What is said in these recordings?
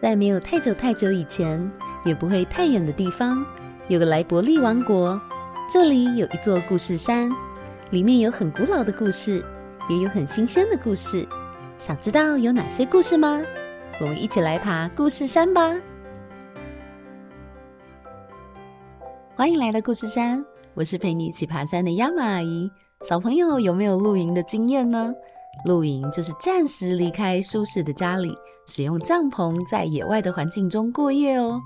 在沒有太久太久以前，也不會太遠的地方，有個萊伯利王國。這裡有一座故事山，裡面有很古老的故事，也有很新鮮的故事。想知道有哪些故事嗎？我們一起來爬故事山吧！歡迎來到故事山，我是陪你一起爬山的 Yama 阿姨。小朋友有沒有露營的經驗呢？露營就是暫時離開舒適的家裡。使用帳篷在野外的環境中過夜哦。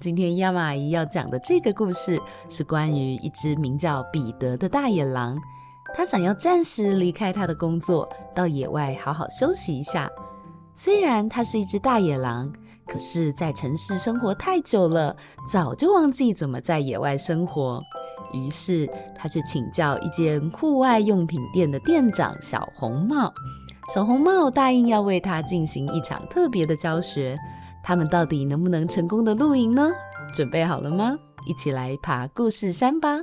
今天 Yama 阿姨要講的這個故事是關於一隻名叫彼得的大野狼，他想要暫時離開他的工作，到野外好好休息一下。雖然他是一隻大野狼，可是，在城市生活太久了，早就忘記怎麼在野外生活。於是，他去請教一間戶外用品店的店長小紅帽。小紅帽答應要為他進行一場特別的教學，他們到底能不能成功的露營呢？準備好了嗎？一起來爬故事山吧！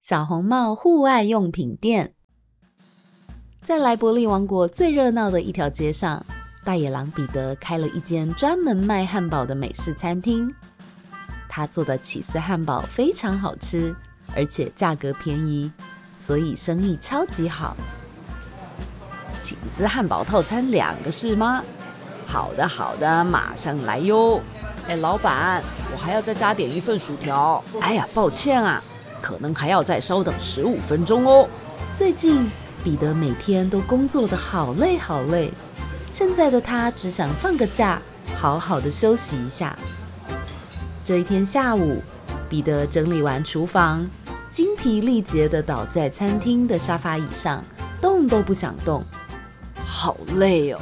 小紅帽戶外用品店在萊伯利王國最熱鬧的一條街上，大野狼彼得開了一間專門賣漢堡的美式餐廳。他做的起司漢堡非常好吃，而且價格便宜，所以生意超級好。起司漢堡套餐兩個是嗎？好的，好的，馬上來喲。哎，老闆，我還要再加點一份薯條。哎呀，抱歉啊，可能還要再稍等十五分鐘哦。最近彼得每天都工作得好累好累，現在的他只想放個假，好好的休息一下。這一天下午，彼得整理完廚房，精疲力竭地倒在餐廳的沙發椅上，動都不想動。好累哦，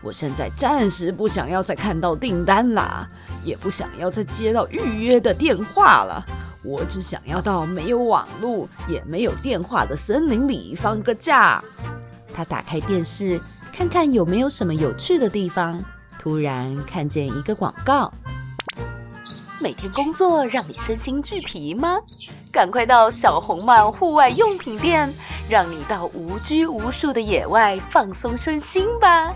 我現在暫時不想要再看到訂單啦，也不想要再接到預約的電話了。我只想要到沒有網路也沒有電話的森林裡放個假。他打開電視，看看有沒有什麼有趣的地方。突然看見一個廣告：每天工作讓你身心俱疲嗎？趕快到小紅帽戶外用品店。讓你到無拘無束的野外放鬆身心吧。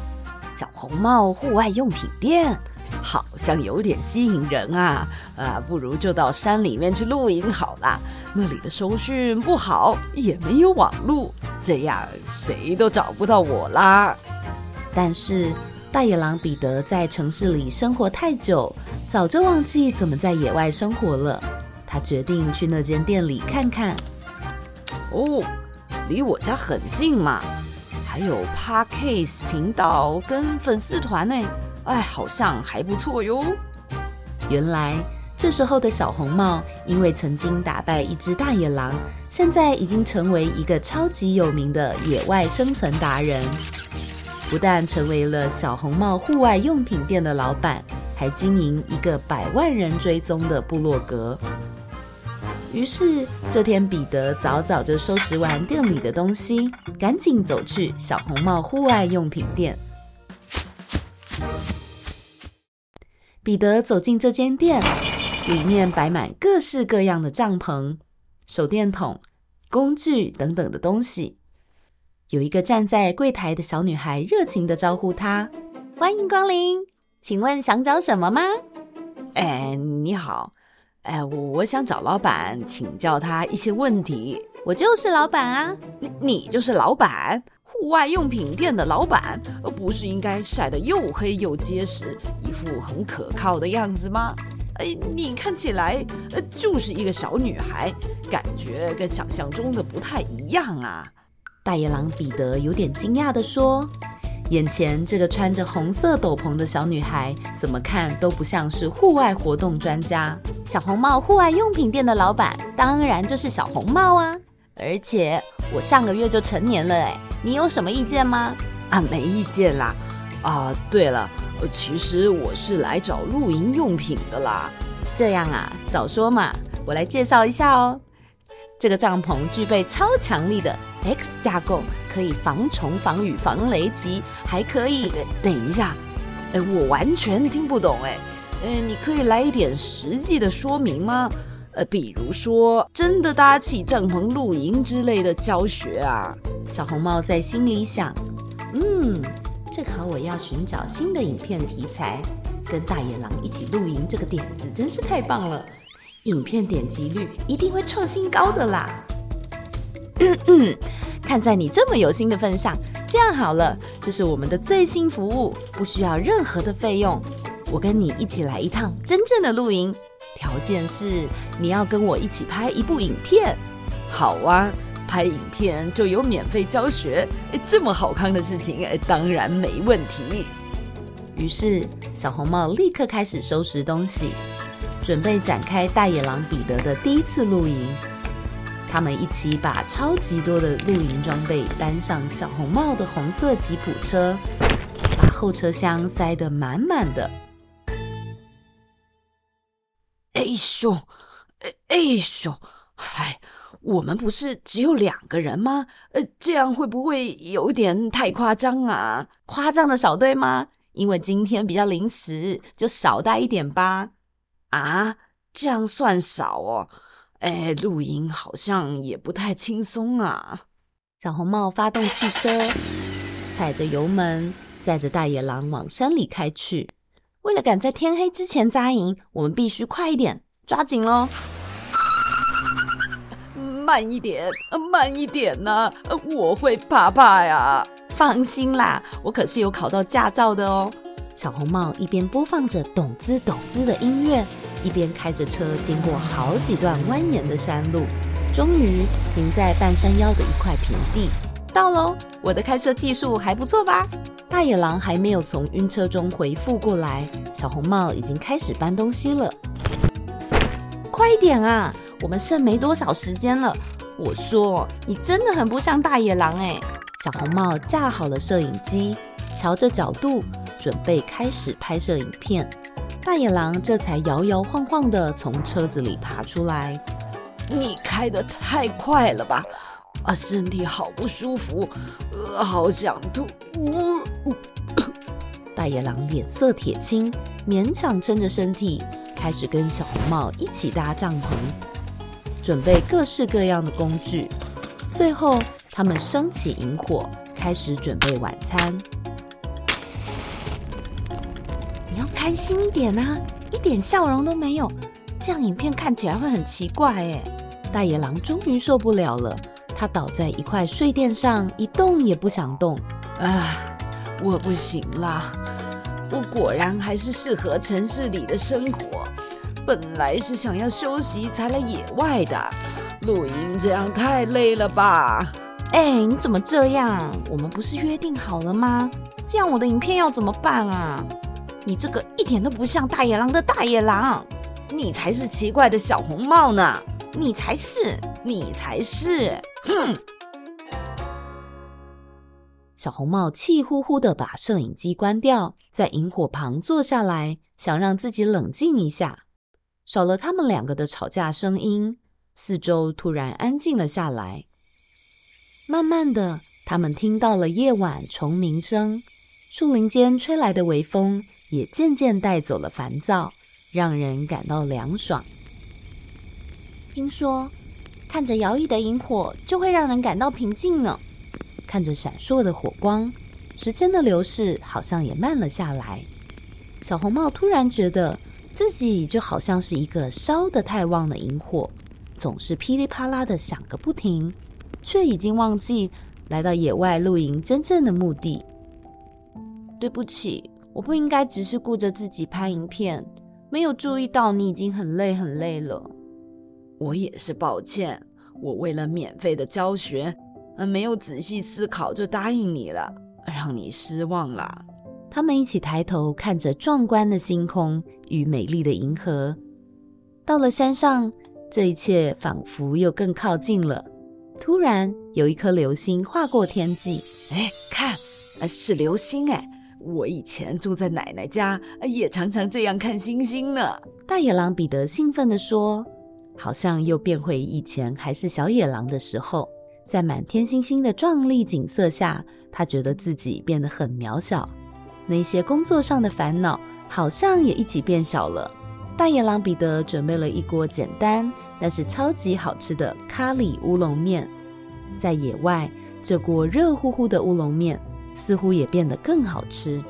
小紅帽戶外用品店好像有點吸引人啊！啊，不如就到山裡面去露營好了。那裡的收訊不好，也沒有網路，這樣誰都找不到我啦。但是大野狼彼得在城市裡生活太久，早就忘記怎麼在野外生活了。他決定去那間店裡看看。哦。離我家很近嘛，還有 Podcast 頻道跟粉絲團呢，哎，好像還不錯喲。原來這時候的小紅帽，因為曾經打敗一隻大野狼，現在已經成為一個超級有名的野外生存達人，不但成為了小紅帽戶外用品店的老闆，還經營一個百萬人追蹤的部落格。於是這天，彼得早早就收拾完店裡的東西，趕緊走去小紅帽戶外用品店。彼得走進這間店，裡面擺滿各式各樣的帳篷、手電筒、工具等等的東西。有一個站在櫃檯的小女孩熱情的招呼他：“歡迎光臨，請問想找什麼嗎？”哎，你好。哎，我我想找老板請教他一些問題。我就是老板啊，你你就是老板，戶外用品店的老板，不是應該曬得又黑又結實，一副很可靠的樣子嗎？哎，你看起來呃，就是一個小女孩，感覺跟想象中的不太一樣啊。大野狼彼得有點驚訝地說。眼前這個穿着紅色斗篷的小女孩，怎麼看都不像是戶外活動專家。小紅帽戶外用品店的老闆，當然就是小紅帽啊！而且我上個月就成年了，哎，你有什麼意見嗎？啊，沒意見啦。啊，對了，其實我是來找露營用品的啦。這樣啊，早說嘛，我來介紹一下哦。這個帳篷具備超強力的 X 架構。可以防蟲、防雨、防雷擊，還可以。呃、等一下、呃，我完全聽不懂誒，嗯、呃，你可以來一點實際的說明嗎？呃，比如說真的搭起帳篷露營之類的教學啊。小紅帽在心裡想：嗯，正好我要尋找新的影片題材，跟大野狼一起露營這個點子真是太棒了，影片點擊率一定會創新高的啦。嗯嗯。咳咳看在你這麼有心的份上，這樣好了，這是我們的最新服務，不需要任何的費用。我跟你一起來一趟真正的露營，條件是你要跟我一起拍一部影片。好啊，拍影片就有免費教學，誒，這麼好康的事情，誒，當然沒問題。於是，小紅帽立刻開始收拾東西，準備展開大野狼彼得的第一次露營。他們一起把超級多的露營裝備搬上小紅帽的紅色吉普車，把後車廂塞得滿滿的。哎咻，哎咻，嗨，我們不是只有兩個人嗎？呃，這樣會不會有點太誇張啊？誇張的少對嗎？因為今天比較臨時，就少帶一點吧。啊，這樣算少哦。哎，露營好像也不太輕鬆啊！小紅帽發動汽車，踩着油門，載着大野狼往山裡開去。為了趕在天黑之前紮營，我們必須快一點，抓緊嘍！慢一點，慢一點吶、啊，我會怕怕呀！放心啦，我可是有考到駕照的哦！小紅帽一邊播放着《咚滋咚滋》的音樂。一邊開着車經過好幾段蜿蜒的山路，終於停在半山腰的一塊平地。到嘍！我的開車技術還不錯吧？大野狼還沒有從暈車中恢復過來，小紅帽已經開始搬東西了。快點啊！我們剩沒多少時間了。我說你真的很不像大野狼哎！小紅帽架好了攝影機，瞧着角度，準備開始拍攝影片。大野狼這才搖搖晃晃的從車子裡爬出來。你開得太快了吧？啊，身體好不舒服，呃、好想吐。 大野狼臉色鐵青，勉強撐着身體，開始跟小紅帽一起搭帳篷，準備各式各樣的工具。最後，他們升起營火，開始準備晚餐。開心一點吶、啊，一點笑容都沒有，這樣影片看起來會很奇怪誒。大野狼終於受不了了，他倒在一塊睡墊上，一動也不想動。啊，我不行了，我果然還是適合城市裡的生活。本來是想要休息才來野外的，露營這樣太累了吧？哎，你怎麼這樣？我們不是約定好了嗎？這樣我的影片要怎麼辦啊？你這個一點都不像大野狼的大野狼，你才是奇怪的小紅帽呢！你才是，你才是！哼！小紅帽氣呼呼的把攝影機關掉，在營火旁坐下來，想讓自己冷靜一下。少了他們兩個的吵架聲音，四周突然安靜了下來。慢慢的，他們聽到了夜晚蟲鳴聲，樹林間吹來的微風。也漸漸帶走了煩躁，讓人感到涼爽。聽說，看着搖曳的營火，就會讓人感到平靜呢。看着閃爍的火光，時間的流逝好像也慢了下來。小紅帽突然覺得自己就好像是一個燒得太旺的營火，總是噼里啪啦的響個不停，卻已經忘記來到野外露營真正的目的。對不起。我不應該只是顧着自己拍影片，沒有注意到你已經很累很累了。我也是抱歉，我為了免費的教學，而沒有仔細思考就答應你了，讓你失望了。他們一起抬頭看着壯觀的星空與美麗的銀河。到了山上，這一切仿佛又更靠近了。突然，有一顆流星劃過天際，哎，看，是流星，哎。我以前住在奶奶家，也常常這樣看星星呢。大野狼彼得興奮地說：“好像又變回以前還是小野狼的時候。”在滿天星星的壯麗景色下，他覺得自己變得很渺小，那些工作上的煩惱好像也一起變小了。大野狼彼得準備了一鍋簡單但是超級好吃的咖喱烏龍麵，在野外這鍋熱乎乎的烏龍麵似乎也變得更好吃，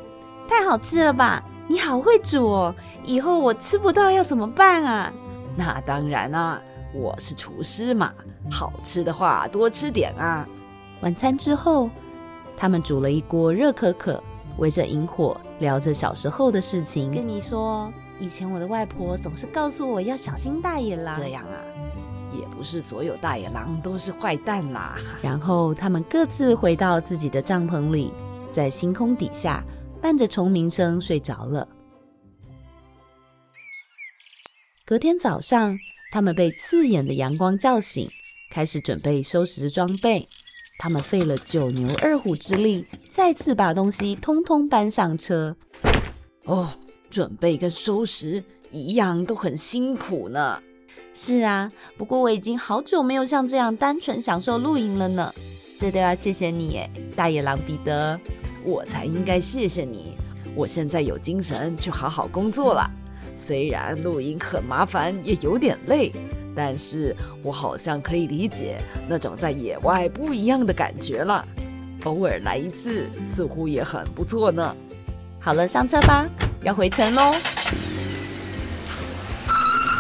太好吃了吧！你好會煮哦，以後我吃不到要怎麼辦啊？那當然啦、啊，我是廚師嘛，好吃的話多吃點啊。晚餐之後，他們煮了一鍋熱可可，圍着螢火聊着小時候的事情。跟你說，以前我的外婆總是告訴我要小心大野狼。這樣啊，也不是所有大野狼都是壞蛋啦。然後他們各自回到自己的帳篷裡。在星空底下，伴着蟲鳴聲睡着了。隔天早上，他們被刺眼的陽光叫醒，開始準備收拾裝備。他們費了九牛二虎之力，再次把東西通通搬上車。哦，準備跟收拾一樣都很辛苦呢。是啊，不過我已經好久沒有像這樣單純享受露營了呢。這都要謝謝你耶，大野狼彼得。我才應該謝謝你，我現在有精神去好好工作了。雖然露營很麻煩，也有點累，但是我好像可以理解那種在野外不一樣的感覺了。偶爾來一次，似乎也很不錯呢。好了，上車吧，要回程嘍。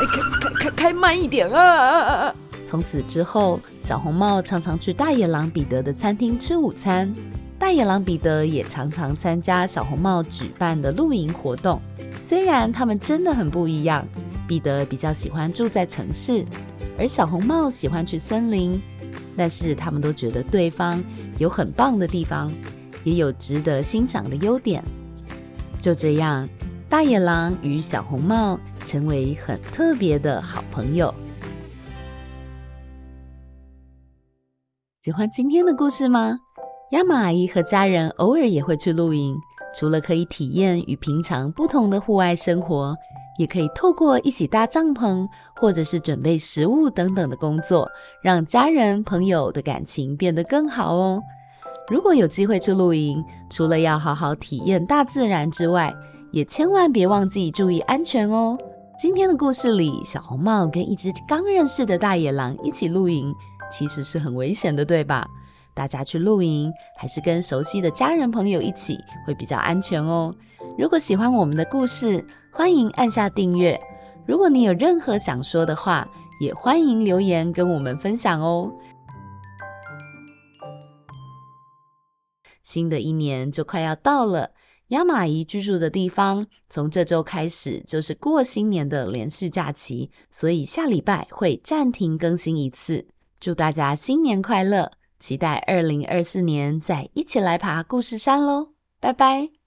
開開開開慢一點啊！從此之後，小紅帽常常去大野狼彼得的餐廳吃午餐。大野狼彼得也常常參加小紅帽舉辦的露營活動。雖然他們真的很不一樣，彼得比較喜歡住在城市，而小紅帽喜歡去森林。但是他們都覺得對方有很棒的地方，也有值得欣賞的優點。就這樣，大野狼與小紅帽成為很特別的好朋友。喜歡今天的故事嗎？Yama 阿姨和家人偶爾也會去露營，除了可以體驗與平常不同的戶外生活，也可以透過一起搭帳篷或者是準備食物等等的工作，讓家人朋友的感情變得更好哦。如果有機會去露營，除了要好好體驗大自然之外，也千萬別忘記注意安全哦。今天的故事裡，小紅帽跟一隻剛認識的大野狼一起露營，其實是很危險的，對吧？大家去露營，還是跟熟悉的家人朋友一起會比較安全哦。如果喜歡我們的故事，歡迎按下訂閱。如果你有任何想說的話，也歡迎留言跟我們分享哦。新的一年就快要到了，Yama 阿姨居住的地方，從這週開始就是過新年的連續假期，所以下禮拜會暫停更新一次。祝大家新年快樂！期待二零二四年再一起來爬故事山嘍，拜拜。